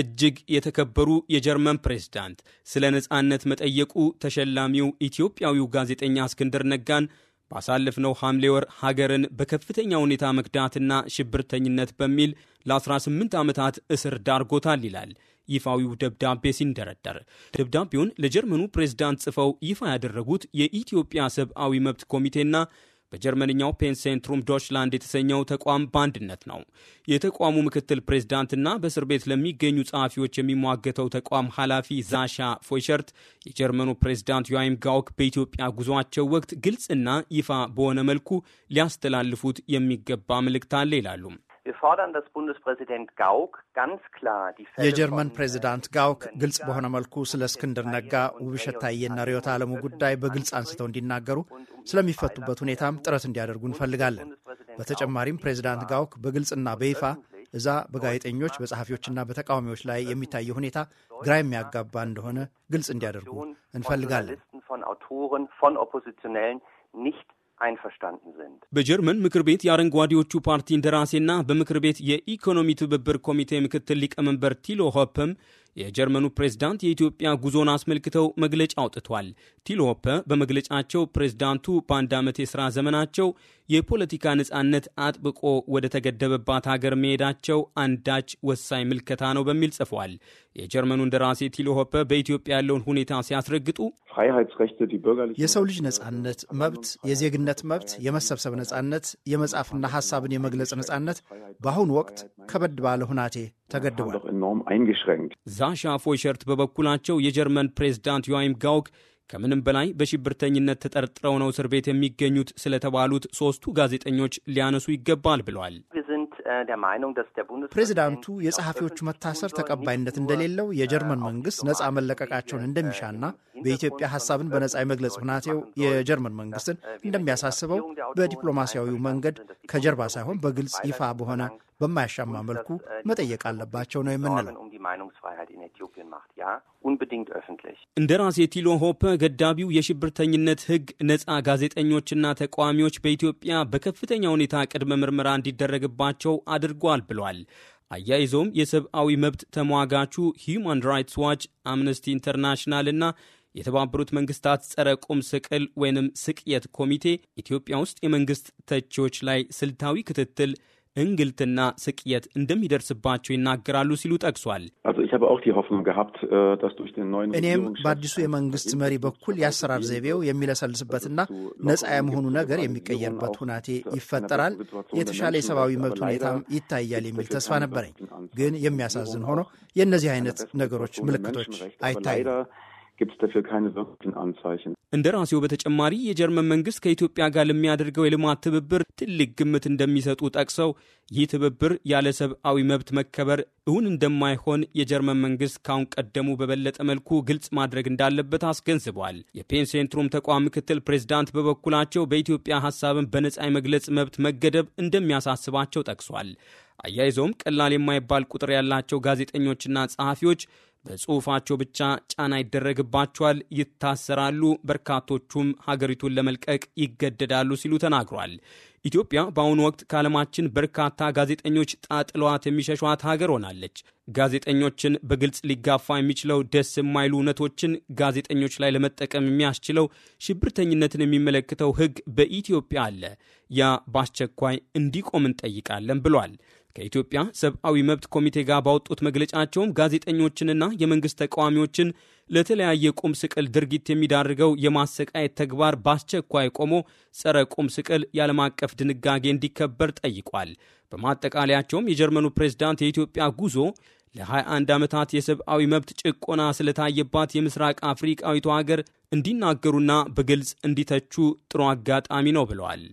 እጅግ የተከበሩ የጀርመን ፕሬዝዳንት ስለ ነጻነት መጠየቁ ተሸላሚው ኢትዮጵያዊው ጋዜጠኛ እስክንድር ነጋን ባሳለፍነው ሐምሌ ወር ሀገርን በከፍተኛ ሁኔታ መክዳትና ሽብርተኝነት በሚል ለ18 ዓመታት እስር ዳርጎታል ይላል ይፋዊው ደብዳቤ ሲንደረደር። ደብዳቤውን ለጀርመኑ ፕሬዝዳንት ጽፈው ይፋ ያደረጉት የኢትዮጵያ ሰብአዊ መብት ኮሚቴና በጀርመንኛው ፔንሴንትሩም ዶችላንድ የተሰኘው ተቋም በአንድነት ነው። የተቋሙ ምክትል ፕሬዝዳንትና በእስር ቤት ለሚገኙ ጸሐፊዎች የሚሟገተው ተቋም ኃላፊ ዛሻ ፎይሸርት የጀርመኑ ፕሬዝዳንት ዮይም ጋውክ በኢትዮጵያ ጉዟቸው ወቅት ግልጽና ይፋ በሆነ መልኩ ሊያስተላልፉት የሚገባ መልእክት አለ ይላሉ። የጀርመን ፕሬዚዳንት ጋውክ ግልጽ በሆነ መልኩ ስለ እስክንድር ነጋ፣ ውብሸት ታዬና ርዕዮት ዓለሙ ጉዳይ በግልጽ አንስተው እንዲናገሩ፣ ስለሚፈቱበት ሁኔታም ጥረት እንዲያደርጉ እንፈልጋለን። በተጨማሪም ፕሬዚዳንት ጋውክ በግልጽና በይፋ እዛ በጋዜጠኞች በጸሐፊዎችና በተቃዋሚዎች ላይ የሚታየው ሁኔታ ግራ የሚያጋባ እንደሆነ ግልጽ እንዲያደርጉ እንፈልጋለን። einverstanden sind። በጀርመን ምክር ቤት የአረንጓዴዎቹ ፓርቲ እንደራሴና በምክር ቤት የኢኮኖሚ ትብብር ኮሚቴ ምክትል ሊቀመንበር ቲሎ ሆፕም የጀርመኑ ፕሬዝዳንት የኢትዮጵያ ጉዞን አስመልክተው መግለጫ አውጥቷል። ቲልሆፐ በመግለጫቸው ፕሬዝዳንቱ በአንድ ዓመት የሥራ ዘመናቸው የፖለቲካ ነጻነት አጥብቆ ወደ ተገደበባት ሀገር መሄዳቸው አንዳች ወሳኝ ምልከታ ነው በሚል ጽፏል። የጀርመኑ እንደራሴ ቲልሆፐ በኢትዮጵያ ያለውን ሁኔታ ሲያስረግጡ የሰው ልጅ ነጻነት መብት፣ የዜግነት መብት፣ የመሰብሰብ ነጻነት፣ የመጻፍና ሀሳብን የመግለጽ ነጻነት በአሁኑ ወቅት ከበድ ባለ ሁናቴ ተገድቧል። ዛሻ ፎይሸርት በበኩላቸው የጀርመን ፕሬዝዳንት ዮይም ጋውክ ከምንም በላይ በሽብርተኝነት ተጠርጥረው ነው እስር ቤት የሚገኙት ስለተባሉት ሶስቱ ጋዜጠኞች ሊያነሱ ይገባል ብለዋል። äh, ፕሬዚዳንቱ የጸሐፊዎቹ መታሰር ተቀባይነት እንደሌለው የጀርመን መንግስት ነፃ መለቀቃቸውን እንደሚሻና በኢትዮጵያ ሀሳብን በነጻ የመግለጽ ሁናቴው የጀርመን መንግስትን እንደሚያሳስበው በዲፕሎማሲያዊው መንገድ ከጀርባ ሳይሆን በግልጽ ይፋ በሆነ በማያሻማ መልኩ መጠየቅ አለባቸው ነው የምንለው። እንደራሴ ቲሎ ሆፕ ገዳቢው የሽብርተኝነት ህግ ነጻ ጋዜጠኞችና ተቃዋሚዎች በኢትዮጵያ በከፍተኛ ሁኔታ ቅድመ ምርመራ እንዲደረግባቸው አድርጓል ብሏል። አያይዘውም የሰብአዊ መብት ተሟጋቹ ሂዩማን ራይትስ ዋች፣ አምነስቲ ኢንተርናሽናል እና የተባበሩት መንግስታት ጸረ ቁም ስቅል ወይንም ስቅየት ኮሚቴ ኢትዮጵያ ውስጥ የመንግስት ተቺዎች ላይ ስልታዊ ክትትል እንግልትና ስቅየት እንደሚደርስባቸው ይናገራሉ ሲሉ ጠቅሷል። äh, እኔም በአዲሱ የመንግስት መሪ በኩል የአሰራር ዘይቤው የሚለሰልስበትና ነጻ የመሆኑ ነገር የሚቀየርበት ሁናቴ ይፈጠራል፣ የተሻለ የሰብአዊ መብት ሁኔታም ይታያል የሚል ተስፋ ነበረኝ። ግን የሚያሳዝን ሆኖ የእነዚህ አይነት ነገሮች ምልክቶች አይታዩም። gibt es dafür keine wirklichen Anzeichen. እንደራሴው በተጨማሪ የጀርመን መንግስት ከኢትዮጵያ ጋር ለሚያደርገው የልማት ትብብር ትልቅ ግምት እንደሚሰጡ ጠቅሰው ይህ ትብብር ያለ ሰብአዊ መብት መከበር እውን እንደማይሆን የጀርመን መንግስት ካሁን ቀደሙ በበለጠ መልኩ ግልጽ ማድረግ እንዳለበት አስገንዝቧል። የፔን ሴንትሩም ተቋም ምክትል ፕሬዚዳንት በበኩላቸው በኢትዮጵያ ሀሳብን በነጻ የመግለጽ መብት መገደብ እንደሚያሳስባቸው ጠቅሷል። አያይዘውም ቀላል የማይባል ቁጥር ያላቸው ጋዜጠኞችና ጸሐፊዎች በጽሁፋቸው ብቻ ጫና ይደረግባቸዋል፣ ይታሰራሉ፣ በርካቶቹም ሀገሪቱን ለመልቀቅ ይገደዳሉ ሲሉ ተናግሯል። ኢትዮጵያ በአሁኑ ወቅት ከዓለማችን በርካታ ጋዜጠኞች ጣጥለዋት የሚሸሿት ሀገር ሆናለች። ጋዜጠኞችን በግልጽ ሊጋፋ የሚችለው ደስ የማይሉ እውነቶችን ጋዜጠኞች ላይ ለመጠቀም የሚያስችለው ሽብርተኝነትን የሚመለከተው ሕግ በኢትዮጵያ አለ። ያ በአስቸኳይ እንዲቆም እንጠይቃለን ብሏል። ከኢትዮጵያ ሰብአዊ መብት ኮሚቴ ጋር ባወጡት መግለጫቸውም ጋዜጠኞችንና የመንግሥት ተቃዋሚዎችን ለተለያየ ቁም ስቅል ድርጊት የሚዳርገው የማሰቃየት ተግባር በአስቸኳይ ቆሞ ጸረ ቁም ስቅል የዓለም አቀፍ ድንጋጌ እንዲከበር ጠይቋል። በማጠቃለያቸውም የጀርመኑ ፕሬዝዳንት የኢትዮጵያ ጉዞ ለ21 ዓመታት የሰብአዊ መብት ጭቆና ስለታየባት የምስራቅ አፍሪቃዊቷ ሀገር እንዲናገሩና በግልጽ እንዲተቹ ጥሩ አጋጣሚ ነው ብለዋል።